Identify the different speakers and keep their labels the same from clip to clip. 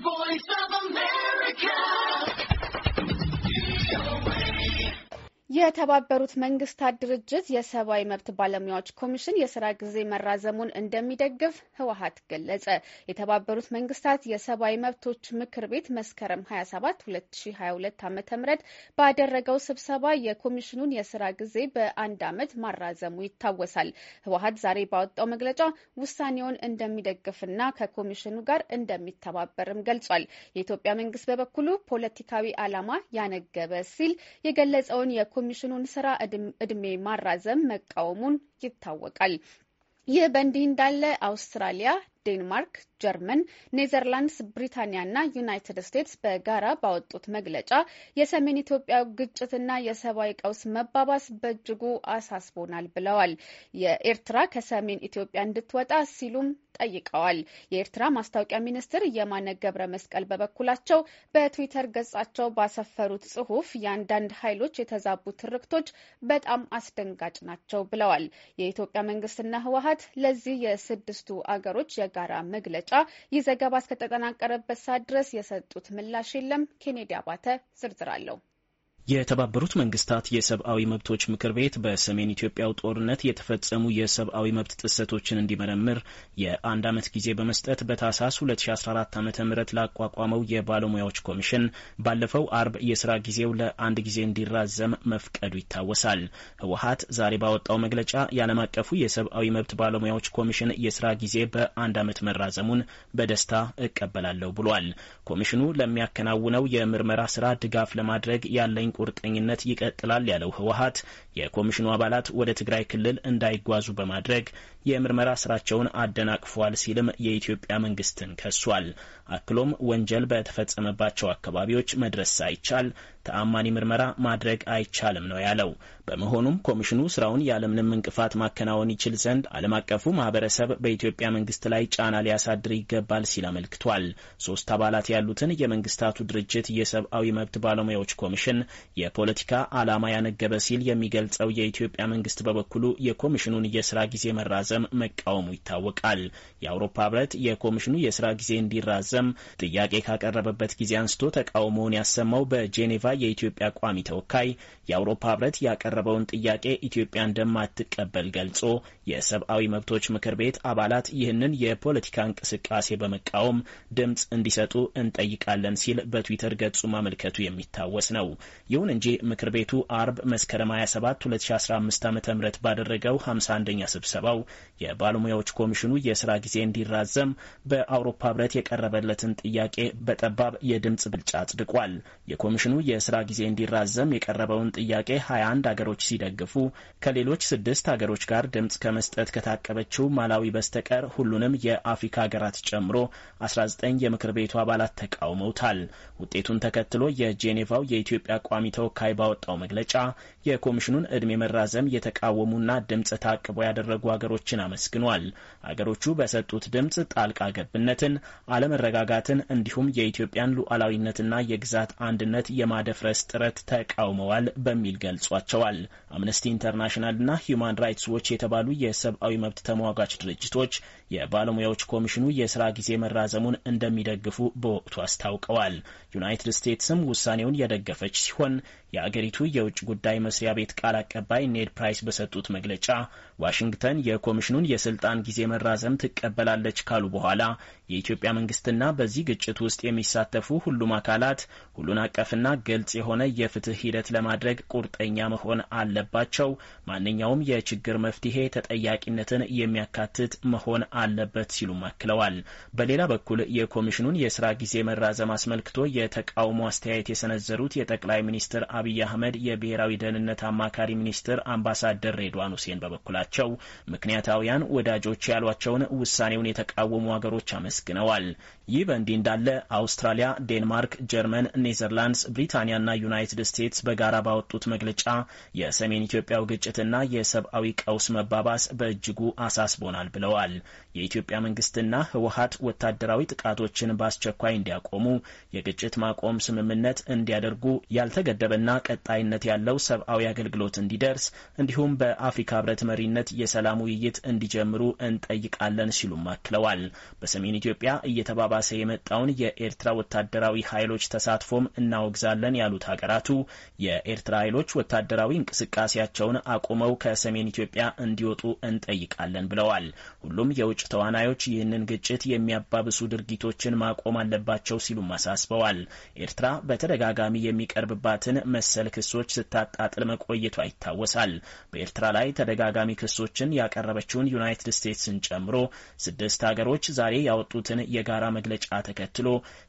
Speaker 1: voice
Speaker 2: የተባበሩት መንግስታት ድርጅት የሰብአዊ መብት ባለሙያዎች ኮሚሽን የስራ ጊዜ መራዘሙን እንደሚደግፍ ህወሀት ገለጸ። የተባበሩት መንግስታት የሰብአዊ መብቶች ምክር ቤት መስከረም 27 2022 ዓ ም ባደረገው ስብሰባ የኮሚሽኑን የስራ ጊዜ በአንድ ዓመት ማራዘሙ ይታወሳል። ህወሀት ዛሬ ባወጣው መግለጫ ውሳኔውን እንደሚደግፍና ከኮሚሽኑ ጋር እንደሚተባበርም ገልጿል። የኢትዮጵያ መንግስት በበኩሉ ፖለቲካዊ ዓላማ ያነገበ ሲል የገለጸውን የኮሚሽኑን ስራ እድሜ ማራዘም መቃወሙን ይታወቃል። ይህ በእንዲህ እንዳለ አውስትራሊያ ዴንማርክ፣ ጀርመን፣ ኔዘርላንድስ፣ ብሪታንያና ዩናይትድ ስቴትስ በጋራ ባወጡት መግለጫ የሰሜን ኢትዮጵያ ግጭትና የሰብአዊ ቀውስ መባባስ በእጅጉ አሳስቦናል ብለዋል። የኤርትራ ከሰሜን ኢትዮጵያ እንድትወጣ ሲሉም ጠይቀዋል። የኤርትራ ማስታወቂያ ሚኒስትር የማነ ገብረ መስቀል በበኩላቸው በትዊተር ገጻቸው ባሰፈሩት ጽሁፍ የአንዳንድ ኃይሎች የተዛቡ ትርክቶች በጣም አስደንጋጭ ናቸው ብለዋል። የኢትዮጵያ መንግስትና ህወሀት ለዚህ የስድስቱ አገሮች የጋራ መግለጫ ይህ ዘገባ እስከተጠናቀረበት ሰዓት ድረስ የሰጡት ምላሽ የለም። ኬኔዲ አባተ ዝርዝር አለው።
Speaker 1: የተባበሩት መንግስታት የሰብአዊ መብቶች ምክር ቤት በሰሜን ኢትዮጵያው ጦርነት የተፈጸሙ የሰብአዊ መብት ጥሰቶችን እንዲመረምር የአንድ ዓመት ጊዜ በመስጠት በታህሳስ 2014 ዓ ም ላቋቋመው የባለሙያዎች ኮሚሽን ባለፈው አርብ የስራ ጊዜው ለአንድ ጊዜ እንዲራዘም መፍቀዱ ይታወሳል። ህወሀት ዛሬ ባወጣው መግለጫ የዓለም አቀፉ የሰብአዊ መብት ባለሙያዎች ኮሚሽን የስራ ጊዜ በአንድ ዓመት መራዘሙን በደስታ እቀበላለሁ ብሏል። ኮሚሽኑ ለሚያከናውነው የምርመራ ስራ ድጋፍ ለማድረግ ያለኝ ቁርጠኝነት ይቀጥላል ያለው ህወሀት የኮሚሽኑ አባላት ወደ ትግራይ ክልል እንዳይጓዙ በማድረግ የምርመራ ስራቸውን አደናቅፏል ሲልም የኢትዮጵያ መንግስትን ከሷል። አክሎም ወንጀል በተፈጸመባቸው አካባቢዎች መድረስ ሳይቻል ተአማኒ ምርመራ ማድረግ አይቻልም ነው ያለው። በመሆኑም ኮሚሽኑ ስራውን ያለምንም እንቅፋት ማከናወን ይችል ዘንድ ዓለም አቀፉ ማህበረሰብ በኢትዮጵያ መንግስት ላይ ጫና ሊያሳድር ይገባል ሲል አመልክቷል። ሶስት አባላት ያሉትን የመንግስታቱ ድርጅት የሰብአዊ መብት ባለሙያዎች ኮሚሽን የፖለቲካ ዓላማ ያነገበ ሲል የሚገልጸው የኢትዮጵያ መንግስት በበኩሉ የኮሚሽኑን የስራ ጊዜ መራዘም መቃወሙ ይታወቃል። የአውሮፓ ህብረት የኮሚሽኑ የስራ ጊዜ እንዲራዘም ጥያቄ ካቀረበበት ጊዜ አንስቶ ተቃውሞውን ያሰማው በጄኔቫ የኢትዮጵያ ቋሚ ተወካይ የአውሮፓ ህብረት ያቀረበውን ጥያቄ ኢትዮጵያ እንደማትቀበል ገልጾ የሰብአዊ መብቶች ምክር ቤት አባላት ይህንን የፖለቲካ እንቅስቃሴ በመቃወም ድምፅ እንዲሰጡ እንጠይቃለን ሲል በትዊተር ገጹ ማመልከቱ የሚታወስ ነው። ይሁን እንጂ ምክር ቤቱ አርብ መስከረም 27 2015 ዓ ም ባደረገው 51ኛ ስብሰባው የባለሙያዎች ኮሚሽኑ የስራ ጊዜ እንዲራዘም በአውሮፓ ህብረት የቀረበለትን ጥያቄ በጠባብ የድምፅ ብልጫ አጽድቋል። የኮሚሽኑ የስራ ጊዜ እንዲራዘም የቀረበውን ጥያቄ 21 አገሮች ሲደግፉ ከሌሎች ስድስት አገሮች ጋር ድምፅ ከመስጠት ከታቀበችው ማላዊ በስተቀር ሁሉንም የአፍሪካ ሀገራት ጨምሮ 19 የምክር ቤቱ አባላት ተቃውመውታል። ውጤቱን ተከትሎ የጄኔቫው የኢትዮጵያ ቋሚ ተወካይ ባወጣው መግለጫ የኮሚሽኑን ዕድሜ መራዘም የተቃወሙና ድምፅ ታቅቦ ያደረጉ አገሮችን አመስግኗል። አገሮቹ በሰጡት ድምፅ ጣልቃ ገብነትን፣ አለመረጋጋትን እንዲሁም የኢትዮጵያን ሉዓላዊነትና የግዛት አንድነት የማደ መደፍረስ ጥረት ተቃውመዋል በሚል ገልጿቸዋል። አምነስቲ ኢንተርናሽናልና ሂዩማን ራይትስ ዎች የተባሉ የሰብአዊ መብት ተሟጋች ድርጅቶች የባለሙያዎች ኮሚሽኑ የስራ ጊዜ መራዘሙን እንደሚደግፉ በወቅቱ አስታውቀዋል። ዩናይትድ ስቴትስም ውሳኔውን የደገፈች ሲሆን የአገሪቱ የውጭ ጉዳይ መስሪያ ቤት ቃል አቀባይ ኔድ ፕራይስ በሰጡት መግለጫ ዋሽንግተን የኮሚሽኑን የስልጣን ጊዜ መራዘም ትቀበላለች ካሉ በኋላ የኢትዮጵያ መንግስትና በዚህ ግጭት ውስጥ የሚሳተፉ ሁሉም አካላት ሁሉን አቀፍና ግልጽ የሆነ የፍትህ ሂደት ለማድረግ ቁርጠኛ መሆን አለባቸው። ማንኛውም የችግር መፍትሄ ተጠያቂነትን የሚያካትት መሆን አለበት ሲሉም አክለዋል። በሌላ በኩል የኮሚሽኑን የስራ ጊዜ መራዘም አስመልክቶ የተቃውሞ አስተያየት የሰነዘሩት የጠቅላይ ሚኒስትር አ አብይ አህመድ የብሔራዊ ደህንነት አማካሪ ሚኒስትር አምባሳደር ሬድዋን ሁሴን በበኩላቸው ምክንያታውያን ወዳጆች ያሏቸውን ውሳኔውን የተቃወሙ ሀገሮች አመስግነዋል። ይህ በእንዲህ እንዳለ አውስትራሊያ፣ ዴንማርክ፣ ጀርመን፣ ኔዘርላንድስ፣ ብሪታንያና ዩናይትድ ስቴትስ በጋራ ባወጡት መግለጫ የሰሜን ኢትዮጵያው ግጭትና የሰብአዊ ቀውስ መባባስ በእጅጉ አሳስቦናል ብለዋል። የኢትዮጵያ መንግስትና ህወሀት ወታደራዊ ጥቃቶችን በአስቸኳይ እንዲያቆሙ የግጭት ማቆም ስምምነት እንዲያደርጉ ያልተገደበና ቀጣይነት ያለው ሰብአዊ አገልግሎት እንዲደርስ እንዲሁም በአፍሪካ ህብረት መሪነት የሰላም ውይይት እንዲጀምሩ እንጠይቃለን ሲሉም አክለዋል። በሰሜን ኢትዮጵያ እየተባባሰ የመጣውን የኤርትራ ወታደራዊ ኃይሎች ተሳትፎም እናወግዛለን ያሉት ሀገራቱ የኤርትራ ኃይሎች ወታደራዊ እንቅስቃሴያቸውን አቁመው ከሰሜን ኢትዮጵያ እንዲወጡ እንጠይቃለን ብለዋል። ሁሉም የውጭ ተዋናዮች ይህንን ግጭት የሚያባብሱ ድርጊቶችን ማቆም አለባቸው ሲሉም አሳስበዋል። ኤርትራ በተደጋጋሚ የሚቀርብባትን መ መሰል ክሶች ስታጣጥል መቆየቷ ይታወሳል። በኤርትራ ላይ ተደጋጋሚ ክሶችን ያቀረበችውን ዩናይትድ ስቴትስን ጨምሮ ስድስት ሀገሮች ዛሬ ያወጡትን የጋራ መግለጫ ተከትሎ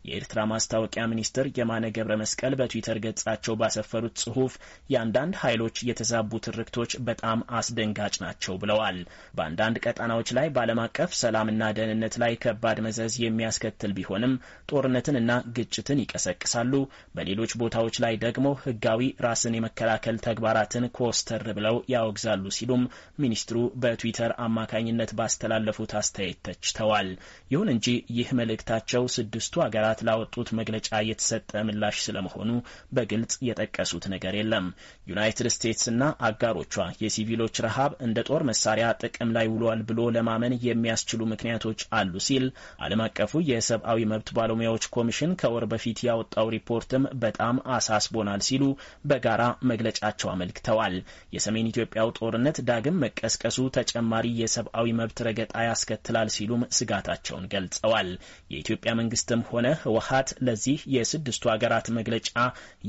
Speaker 1: የኤርትራ ማስታወቂያ ሚኒስትር የማነ ገብረ መስቀል በትዊተር ገጻቸው ባሰፈሩት ጽሁፍ የአንዳንድ ኃይሎች የተዛቡ ትርክቶች በጣም አስደንጋጭ ናቸው ብለዋል። በአንዳንድ ቀጣናዎች ላይ በዓለም አቀፍ ሰላምና ደህንነት ላይ ከባድ መዘዝ የሚያስከትል ቢሆንም ጦርነትንና ግጭትን ይቀሰቅሳሉ፣ በሌሎች ቦታዎች ላይ ደግሞ ህግ ህጋዊ ራስን የመከላከል ተግባራትን ኮስተር ብለው ያወግዛሉ ሲሉም ሚኒስትሩ በትዊተር አማካኝነት ባስተላለፉት አስተያየት ተችተዋል። ይሁን እንጂ ይህ መልእክታቸው ስድስቱ ሀገራት ላወጡት መግለጫ የተሰጠ ምላሽ ስለመሆኑ በግልጽ የጠቀሱት ነገር የለም። ዩናይትድ ስቴትስና አጋሮቿ የሲቪሎች ረሃብ እንደ ጦር መሳሪያ ጥቅም ላይ ውሏል ብሎ ለማመን የሚያስችሉ ምክንያቶች አሉ ሲል ዓለም አቀፉ የሰብአዊ መብት ባለሙያዎች ኮሚሽን ከወር በፊት ያወጣው ሪፖርትም በጣም አሳስቦናል ሲሉ ሲሉ በጋራ መግለጫቸው አመልክተዋል። የሰሜን ኢትዮጵያው ጦርነት ዳግም መቀስቀሱ ተጨማሪ የሰብአዊ መብት ረገጣ ያስከትላል ሲሉም ስጋታቸውን ገልጸዋል። የኢትዮጵያ መንግስትም ሆነ ህወሀት ለዚህ የስድስቱ ሀገራት መግለጫ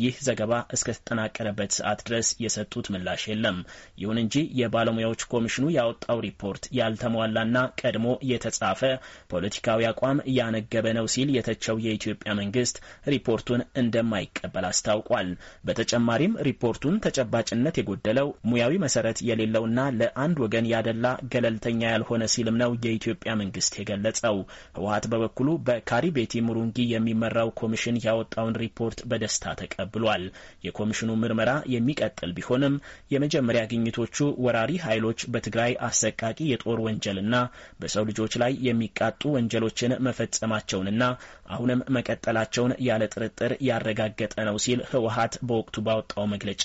Speaker 1: ይህ ዘገባ እስከተጠናቀረበት ሰዓት ድረስ የሰጡት ምላሽ የለም። ይሁን እንጂ የባለሙያዎች ኮሚሽኑ ያወጣው ሪፖርት ያልተሟላና ቀድሞ የተጻፈ ፖለቲካዊ አቋም ያነገበ ነው ሲል የተቸው የኢትዮጵያ መንግስት ሪፖርቱን እንደማይቀበል አስታውቋል። በተጨማሪም ሪፖርቱን ተጨባጭነት የጎደለው ሙያዊ መሰረት የሌለውና ለአንድ ወገን ያደላ ገለልተኛ ያልሆነ ሲልም ነው የኢትዮጵያ መንግስት የገለጸው። ህወሀት በበኩሉ በካሪቤቲ ሙሩንጊ የሚመራው ኮሚሽን ያወጣውን ሪፖርት በደስታ ተቀብሏል። የኮሚሽኑ ምርመራ የሚቀጥል ቢሆንም የመጀመሪያ ግኝቶቹ ወራሪ ኃይሎች በትግራይ አሰቃቂ የጦር ወንጀልና በሰው ልጆች ላይ የሚቃጡ ወንጀሎችን መፈጸማቸውንና አሁንም መቀጠላቸውን ያለ ጥርጥር ያረጋገጠ ነው ሲል ህወሀት በወቅቱ ባወጣው መግለጫ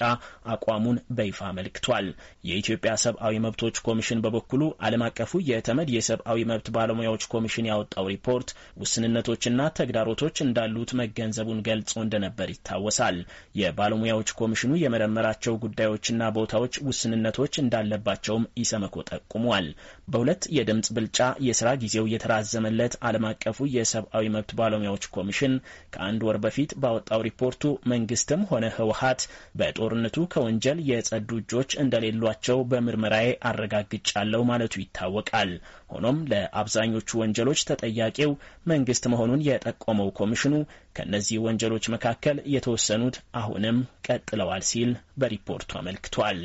Speaker 1: አቋሙን በይፋ አመልክቷል። የኢትዮጵያ ሰብአዊ መብቶች ኮሚሽን በበኩሉ ዓለም አቀፉ የተመድ የሰብአዊ መብት ባለሙያዎች ኮሚሽን ያወጣው ሪፖርት ውስንነቶችና ተግዳሮቶች እንዳሉት መገንዘቡን ገልጾ እንደነበር ይታወሳል። የባለሙያዎች ኮሚሽኑ የመረመራቸው ጉዳዮችና ቦታዎች ውስንነቶች እንዳለባቸውም ኢሰመኮ ጠቁሟል። በሁለት የድምፅ ብልጫ የስራ ጊዜው የተራዘመለት ዓለም አቀፉ የሰብአዊ መብት ባለሙያዎች ኮሚሽን ከአንድ ወር በፊት ባወጣው ሪፖርቱ መንግስትም ሆነ ህወሀት በጦርነቱ ከወንጀል የጸዱ እጆች እንደሌሏቸው በምርመራዬ አረጋግጫለሁ ማለቱ ይታወቃል። ሆኖም ለአብዛኞቹ ወንጀሎች ተጠያቂው መንግስት መሆኑን የጠቆመው ኮሚሽኑ ከእነዚህ ወንጀሎች መካከል የተወሰኑት አሁንም ቀጥለዋል ሲል በሪፖርቱ አመልክቷል።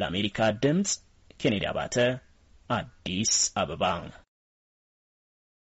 Speaker 1: ለአሜሪካ ድምፅ ኬኔዲ አባተ አዲስ አበባ